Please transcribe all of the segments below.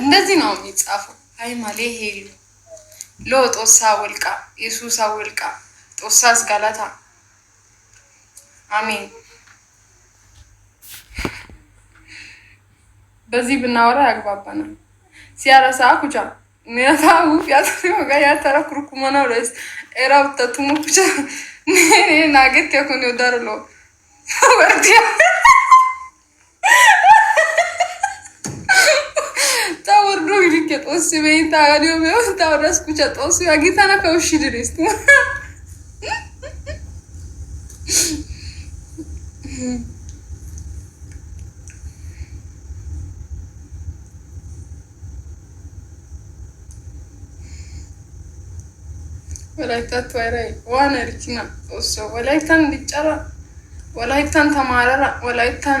እንደዚህ ነው የሚጻፈው። ሃይማሌ ሄሉ ሎ ጦሳ ወልቃ የሱሳ ወልቃ ጦሳ ስጋላታ አሜን። በዚህ ብናወራ ያግባባናል። ሲያረሳ ኩቻ ሚያታ ውፍ ያሰሪወጋ ያተራ ኩርኩመና ረስ ኤራ ብተቱሙ ኩቻ ናገት ያኮን ወዳርሎ ወርዲያ Tosse vem, tá? Olha o meu, tá? Ora, escuta Tosse. Aqui tá na pele cheia de ወላይታት ወይራይ ዋን ሪኪና ኦሶ ወላይታን ቢጫራ ወላይታን ተማረራ ወላይታን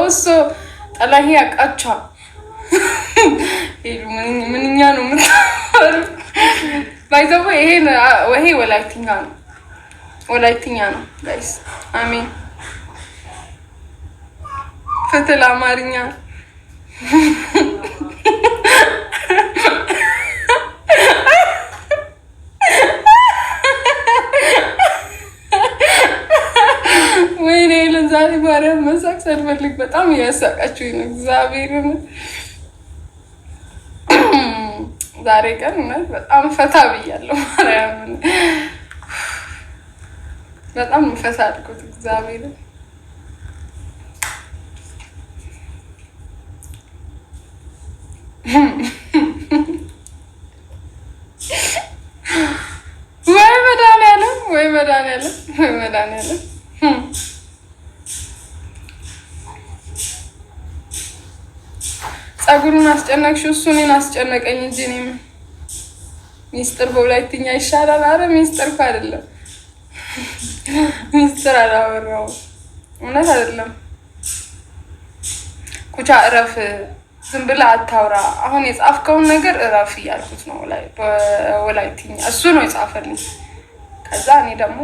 እሱ ጠላሄ ያውቃቸዋል። ምንኛ ነው ምታሩ ባይዘቦ ይሄ ወላይትኛ ነው፣ ወላይትኛ ነው ጋይስ። አሜን ፍትል አማርኛ ማርያም መሳቅ ሳልፈልግ በጣም እያሳቃችሁኝ ነው። እግዚአብሔርን ዛሬ ቀን እውነት በጣም ፈታ ብያለሁ። ማርያምን በጣም ፈታ አልኩት። እግዚአብሔርን ወይ መድኃኒዓለም ወይ መድኃኒዓለም ወይ መድኃኒዓለም ጸጉሩን አስጨነቅሽ፣ እሱ እኔን አስጨነቀኝ እንጂ እኔም ሚስጥር በሁለተኛ ይሻላል። አረ ሚስጥር እኮ አይደለም ሚስጥር አላወራው እውነት አይደለም። ኩቻ እረፍ፣ ዝም ብላ አታውራ። አሁን የጻፍከውን ነገር እረፍ እያልኩት ነው። ላይ በወላይትኛ እሱ ነው የጻፈልኝ። ከዛ እኔ ደግሞ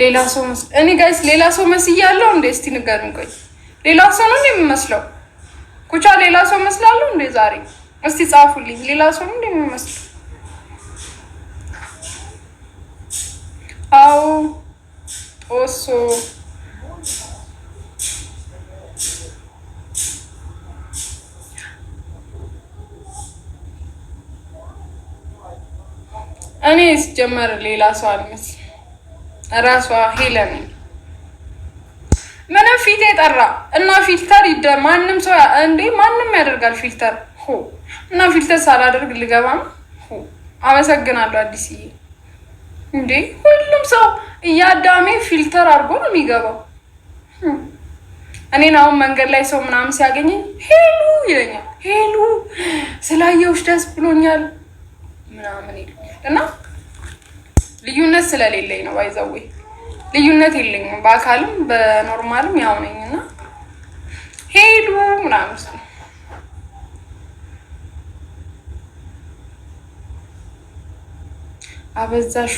ሌላ ሰው መስ እኔ ጋይስ ሌላ ሰው መስያለሁ እንዴ? እስቲ ንገሩኝ። ቆይ ሌላ ሰው ነው እንዴ የምመስለው? ኩቻ ሌላ ሰው መስላለሁ እንዴ ዛሬ? እስቲ ጻፉልኝ። ሌላ ሰው ነው እንዴ የምመስለው? አዎ ጦሶ እኔ ሲጀመር ሌላ ሰው አልመስ ራሷ ሄለን ምንም ፊት የጠራ እና ፊልተር ይደ ማንም ሰው እንዴ ማንም ያደርጋል ፊልተር ሆ እና ፊልተር ሳላደርግ ልገባም! ነው። አመሰግናለሁ አዲስዬ። እንዴ ሁሉም ሰው እያዳሜ ፊልተር አድርጎ ነው የሚገባው። እኔን አሁን መንገድ ላይ ሰው ምናምን ሲያገኘኝ ሄሉ ይለኛል። ሄሉ ስላየውሽ ደስ ብሎኛል ምናምን ይለኛል እና ልዩነት ስለሌለኝ ነው። ባይዘዌ ልዩነት የለኝም። በአካልም በኖርማልም ያው ነኝ እና ሄዱ ምናምን ስል አበዛሹ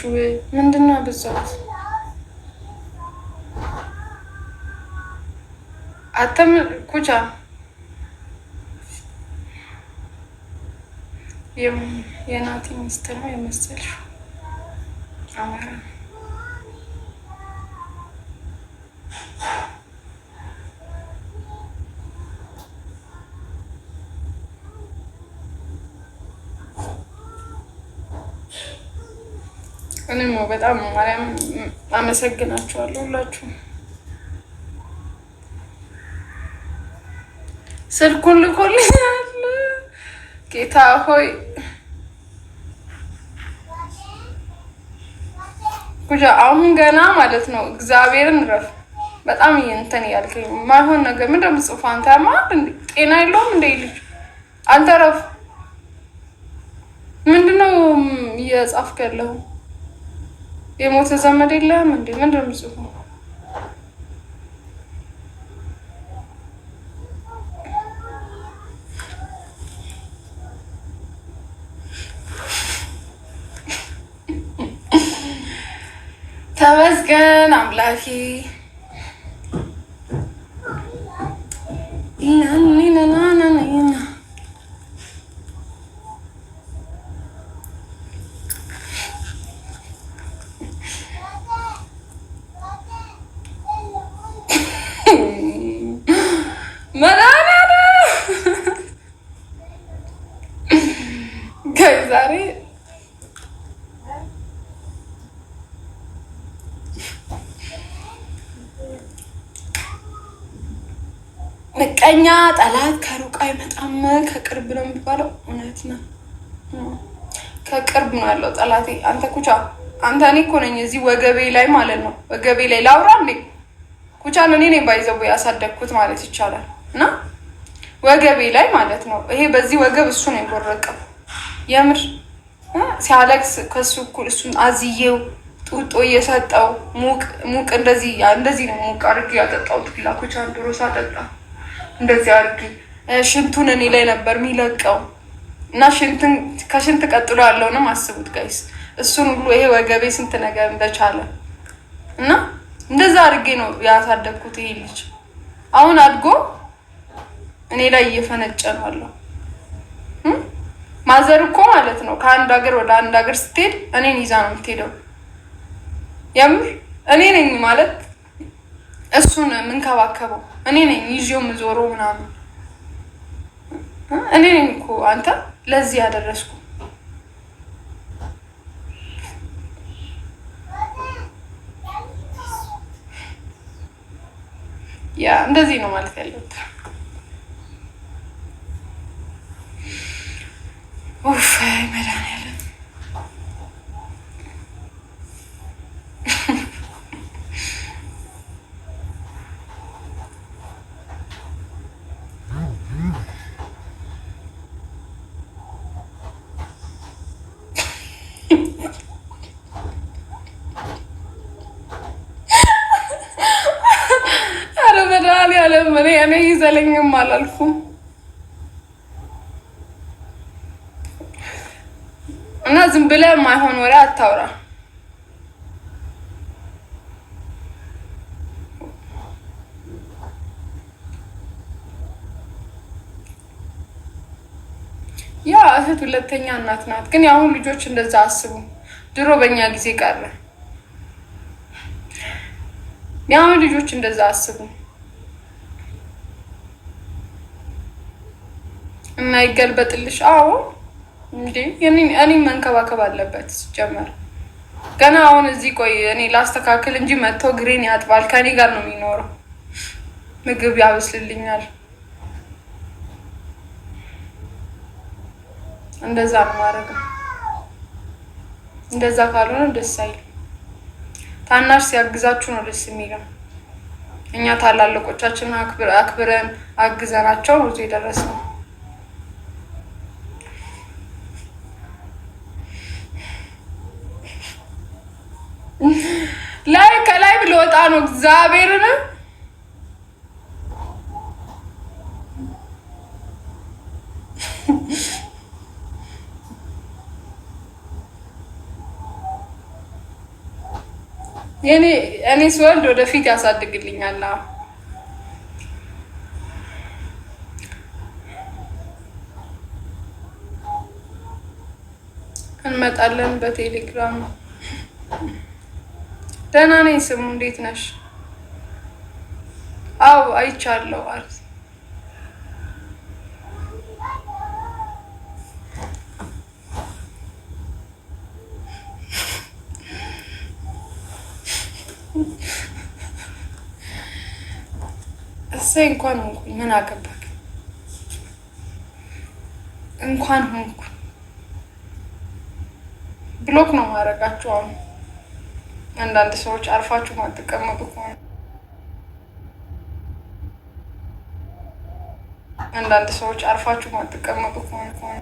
ምንድን ነው አበዛት? አተም ኩቻ የናቲ ሚስት ነው የመሰልሽው እኔም በጣም ማርያም አመሰግናችኋለሁ ሁላችሁም። ስልኩን ልኮልኛል ጌታ ሆይ ኩሻ አሁን ገና ማለት ነው። እግዚአብሔርን ረፍ በጣም እንትን እያልከኝ ማይሆን ነገር ምንድን ነው? ጽሁፍ አንተ ማር ጤና የለውም እንደ ልጅ አንተ ረፍ ምንድነው እየጻፍክ ያለሁ የሞተ ዘመድ የለህም እንዴ? ምንድን ነው ጽሁፍ ተመስገን አምላኬ። እኛ ጠላት ከሩቅ አይመጣም ከቅርብ ነው የሚባለው። እውነት ነው፣ ከቅርብ ነው ያለው ጠላቴ አንተ ኩቻ፣ አንተ እኔ እኮ ነኝ እዚህ ወገቤ ላይ ማለት ነው፣ ወገቤ ላይ ላውራ እንዴ ኩቻ ነው። እኔ ባይዘቡ ያሳደግኩት ማለት ይቻላል። እና ወገቤ ላይ ማለት ነው፣ ይሄ በዚህ ወገብ እሱ ነው የጎረቀው። የምር ሲያለቅስ ከሱ እኩል እሱን አዝዬው ጡጦ እየሰጠው ሙቅ ሙቅ እንደዚህ እንደዚህ ነው ሙቅ አድርጌ ያጠጣው ትላኩቻ ድሮሳ ጠጣ እንደዚህ አድርጊ። ሽንቱን እኔ ላይ ነበር የሚለቀው እና ሽንትን ከሽንት ቀጥሎ ያለውንም አስቡት ጋይስ። እሱን ሁሉ ይሄ ወገቤ ስንት ነገር እንደቻለ እና እንደዛ አድርጌ ነው ያሳደግኩት። ይሄ ልጅ አሁን አድጎ እኔ ላይ እየፈነጨ ነው አለው። ማዘር እኮ ማለት ነው ከአንድ ሀገር ወደ አንድ ሀገር ስትሄድ እኔን ይዛ ነው የምትሄደው። የምር እኔ ነኝ ማለት እሱን የምንከባከበው እኔ ነኝ ይዤው የምዞረው ምናምን እኔ ነኝ እኮ አንተ ለዚህ ያደረስኩ። ያ እንደዚህ ነው ማለት ያለሁት። ኡፍ መድኃኒዓለም እኔ እኔ ይዘለኝም አላልኩም እና ዝም ብለህ የማይሆን ወሬ አታውራ። ያ እህት ሁለተኛ እናት ናት። ግን የአሁን ልጆች እንደዛ አስቡ። ድሮ በእኛ ጊዜ ቀረ። የአሁን ልጆች እንደዛ አስቡ። እና ይገልበጥልሽ። አዎ እንዴ እኔ መንከባከብ አለበት ሲጀመር ገና አሁን እዚህ ቆይ እኔ ላስተካክል እንጂ መጥቶ ግሬን ያጥባል። ከኔ ጋር ነው የሚኖረው። ምግብ ያበስልልኛል። እንደዛ ነው ማድረግ። እንደዛ ካልሆነ ደስ አይልም። ታናሽ ሲያግዛችሁ ነው ደስ የሚለው። እኛ ታላላቆቻችንን አክብረን አግዘናቸው ነው እዚህ የደረስነው። ነው እግዚአብሔርን የኔ እኔ ስወልድ ወደፊት ያሳድግልኛል። እንመጣለን በቴሌግራም ደህና ነኝ። ስሙ እንዴት ነሽ? አው አይቻለሁ። አሪፍ እሰይ እንኳን ሆንኩኝ። ምን አገባክ? እንኳን ሆንኩኝ። ብሎክ ነው ማድረጋችሁ አሁን አንዳንድ ሰዎች አርፋችሁ ማትቀመጡ ከሆነ አንዳንድ ሰዎች አርፋችሁ ማትቀመጡ ከሆነ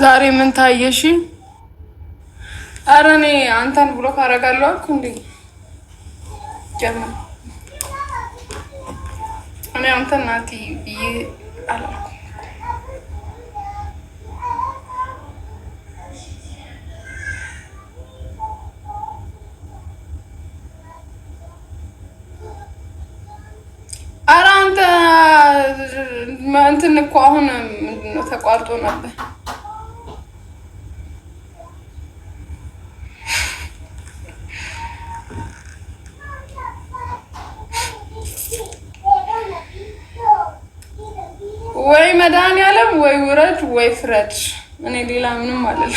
ዛሬ ምን ታየሽ? ኧረ እኔ አንተን ብሎ ካረጋለሁ አልኩ እንዴ ጀመር። እኔ አንተን ናቲ ብዬ አላልኩ። አረ አንተ እንትን እኮ አሁን ምንድን ነው ተቋርጦ ነበር። ወይ መድኃኒዓለም ወይ ውረድ ወይ ፍረድ። እኔ ሌላ ምንም አለል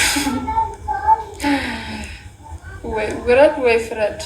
ወይ ውረድ ወይ ፍረድ